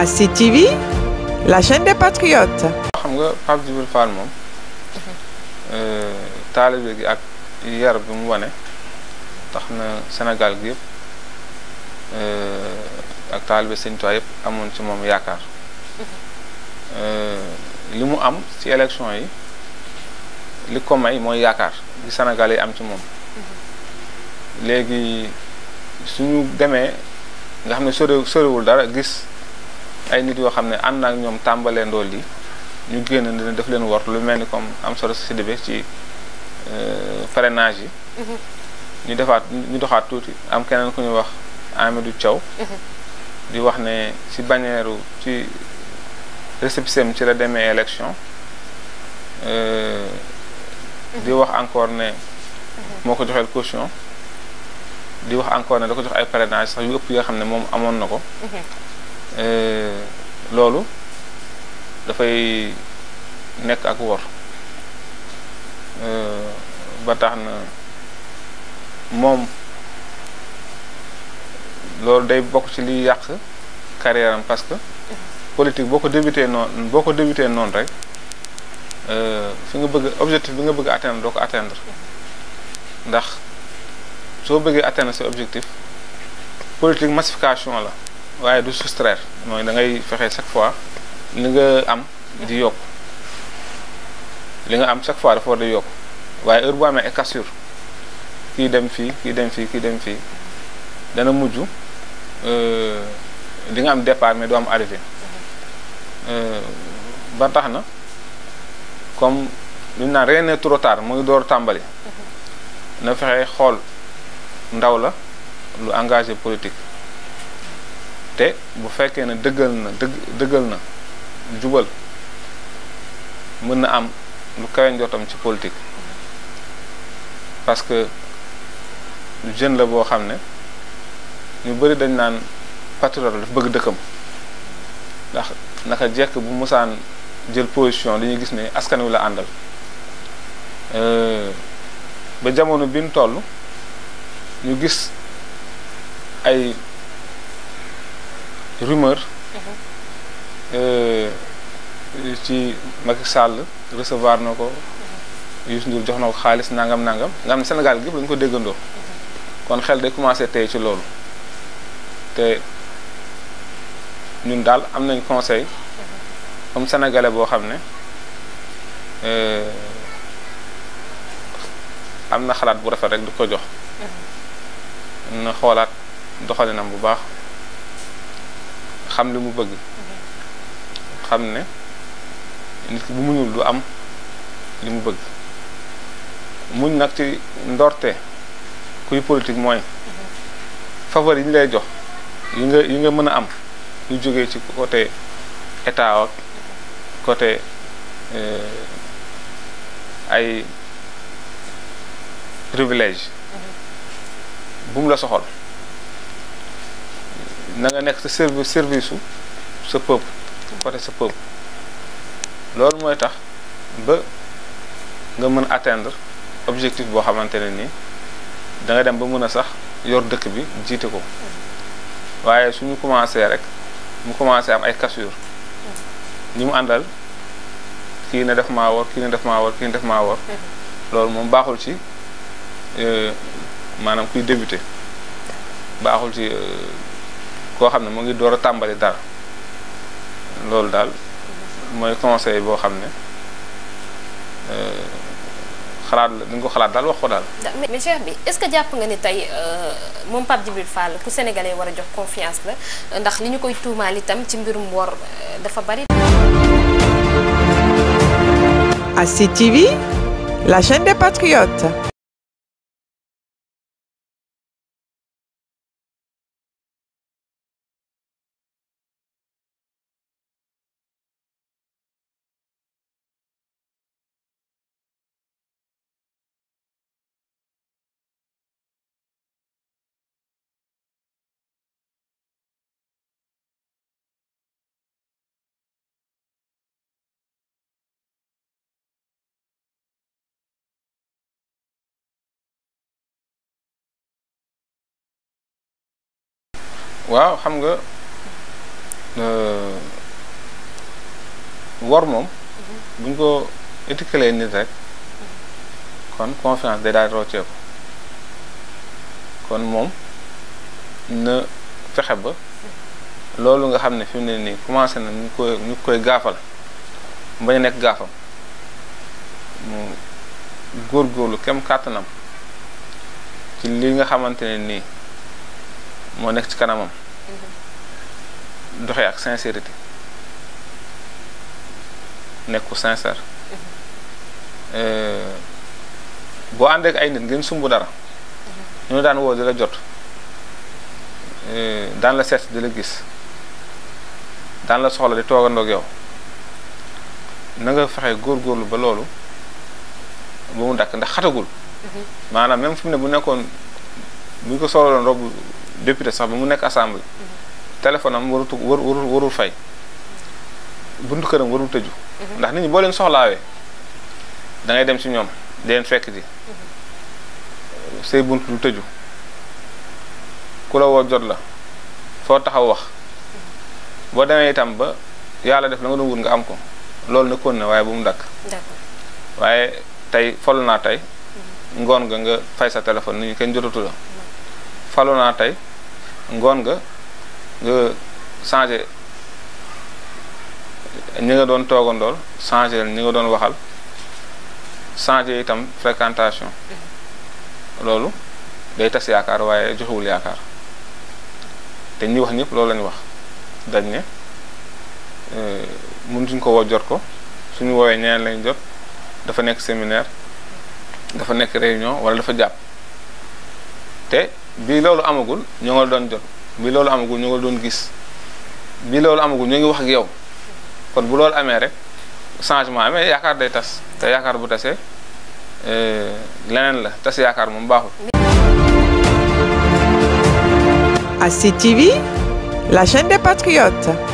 à CTV, la chaîne des patriotes. xam nga Pape Djibril Fall moom euh, taalibe gi ak yar bi mu wane tax na Sénégal gi yëpp euh, ak taalibe Sëñ Tuubaa yëpp amoon ci moom yaakaar euh, li mu am ci élection yi li ko may mooy yaakaar gi Sénégal yi am ci moom léegi su ñu demee nga xam ne sore sorewul dara gis ay nit yoo xam ne ànd ak ñoom tàmbalee ndool yi ñu génn ne daf leen war lu mel ni comme am solo Sidibé ci euh, parrainage yi. Mm-hmm. ñu defaat ñu doxaat tuuti am keneen ku ñu wax du Thiaw. Mm-hmm. di wax ne ci bannière ci récépissé ci la demee élection euh, mm-hmm. di wax encore ne moo ko joxeel caution di wax encore ne da ko jox ay parrainage sax yu ëpp yoo xam ne moom amoon na ko. Euh, loolu dafay nekk ak wor euh, ba tax na moom loolu day bokk ci liy yàq carrière am parce que politique boo ko débuté noonu boo ko débuté noonu rek euh, fi nga bëgg objectif bi nga bëgg atteindre doo ko atteindre ndax soo bëggee atteindre si objectif politique massification la waaye du soustraire mooy da ngay fexe chaque fois li nga am di yokk li nga am chaque fois dafa war di yokk waaye heure bu amee écassure kii dem fii kii dem fii kii dem fii dana mujj euh, di nga am départ mais du am arrivé euh, ba tax na comme lu ñu naan rien n'est trop mu ngi door tàmbali na fexe xool ndaw la lu engagé politique te bu fekkee ne dëggal na dëggal na jubal mën na am lu kawe njortam ci politique parce que jeune la boo xam ne ñu bëri dañ naan patriote daf bëgg dëkkam ndax naka jekk bu mosaan jël position dañuy gis ne askan wi la àndal euh, ba jamono bi ñu toll ñu gis ay rumeur uh-huh. euh, ci Macky Sall recevoir na ko uh-huh. Youssou Ndour jox na ko xaalis nangam nangam nga xam ne Sénégal gépp lañu ko déggandoo uh-huh. kon xel day commencé tey ci loolu te ñun daal am nañ conseil comme sénégalais boo xam ne euh, am na xalaat bu rafet rek du ko jox na xoolaat doxalinam bu baax xam li mu bëgg xam ne nit ki bu muñul du am li mu bëgg muñ nag ci ndorte kuy politique mooy faveur yi ñu lay jox yi nga yi nga mën a am lu jógee ci côté état ak côté euh, ay privilège mm-hmm. bu mu la soxal na nga nekk sa service service su sa peuple côté sa peuple loolu mooy tax ba nga mën atteindre objectif boo xamante ne nii da dem ba mën a sax yor dëkk bi jiite ko waaye suñu commencé rek mu commencé am ay cassure ñi mu àndal kii ne def maa war kii ne def maa war kii ne def maa war loolu moom baaxul ci euh, maanaam kuy débuté baaxul ci euh, koo xam ne moo ngi door a tàmbali dara loolu daal mooy conseil boo xam ne euh, xalaat la dañ ko xalaat daal wax ko daal. mais cheikh bi est-ce que jàpp nga ni tey euh, moom Pape Djibril Fall ku sénégalais war a jox confiance la ndax li ñu koy tuumaal itam ci mbirum wor euh, dafa bari. ASID TV, la chaîne des patriotes. waaw xam nga euh, wor moom mhm. buñ ko étiqueté nit rek mhm. kon confiance day daal rocceeku kon moom na fexe ba mhm. loolu nga xam ne fi ne nii commencé na ñu koy ñu koy gaafal bañ a nekk gaafam mu góorlu kem kàttanam ci li nga xamante ne nii moo nekk ci kanamam mm-hmm. doxee ak sincérité nekk ku sincère mm-hmm. euh, boo àndeek ay nit ngeen sumb dara mm-hmm. ñoo daan woo di la jot euh, daan la seet di la gis daan la soxla di toogandoog yow na fexe góor góorlu ba loolu ba mu dakk ndax xatagul maanaam même fu mu bu nekkoon bu ñu ko soxla doon député sax bi mu nekk assemblée. téléphone am warut waru warul fay. bunt këram warul tëju. Mhm. ndax nit ñi boo leen soxlaawee da dem ci ñoom di leen fekk ji. Mhm. say bunt du tëju ku la woo jot la foo taxaw wax mhm. boo demee itam ba yàlla def la nga doon wut nga am ko loolu na ne waaye bu mu dakk waaye tey falu naa tey ngoon nga nga fay sa téléphone nit ñi kenn jotatu la falu naa tey ngoon nga nga changé ñi nga doon toogandool changé ñi nga doon waxal changé itam fréquentation loolu day tas yaakaar waaye joxewul yaakaar te ñi wax ñëpp loolu lañu wax dañ ne mun euh, mënutuñ ko woo jot ko suñu woowee ñeneen lañ jot dafa nekk séminaire dafa nekk réunion wala dafa jàpp te bi loolu amagul ñoo doon jot bi loolu amagul ñoo ngi doon gis bi loolu amagul ñoo ngi wax ak yow kon bu lool amee rek changement amee yaakaar day tas te yaakaar bu tasee eh, leneen la tas yaakaar moom baaxul. ASID TV, la chaîne des patriotes.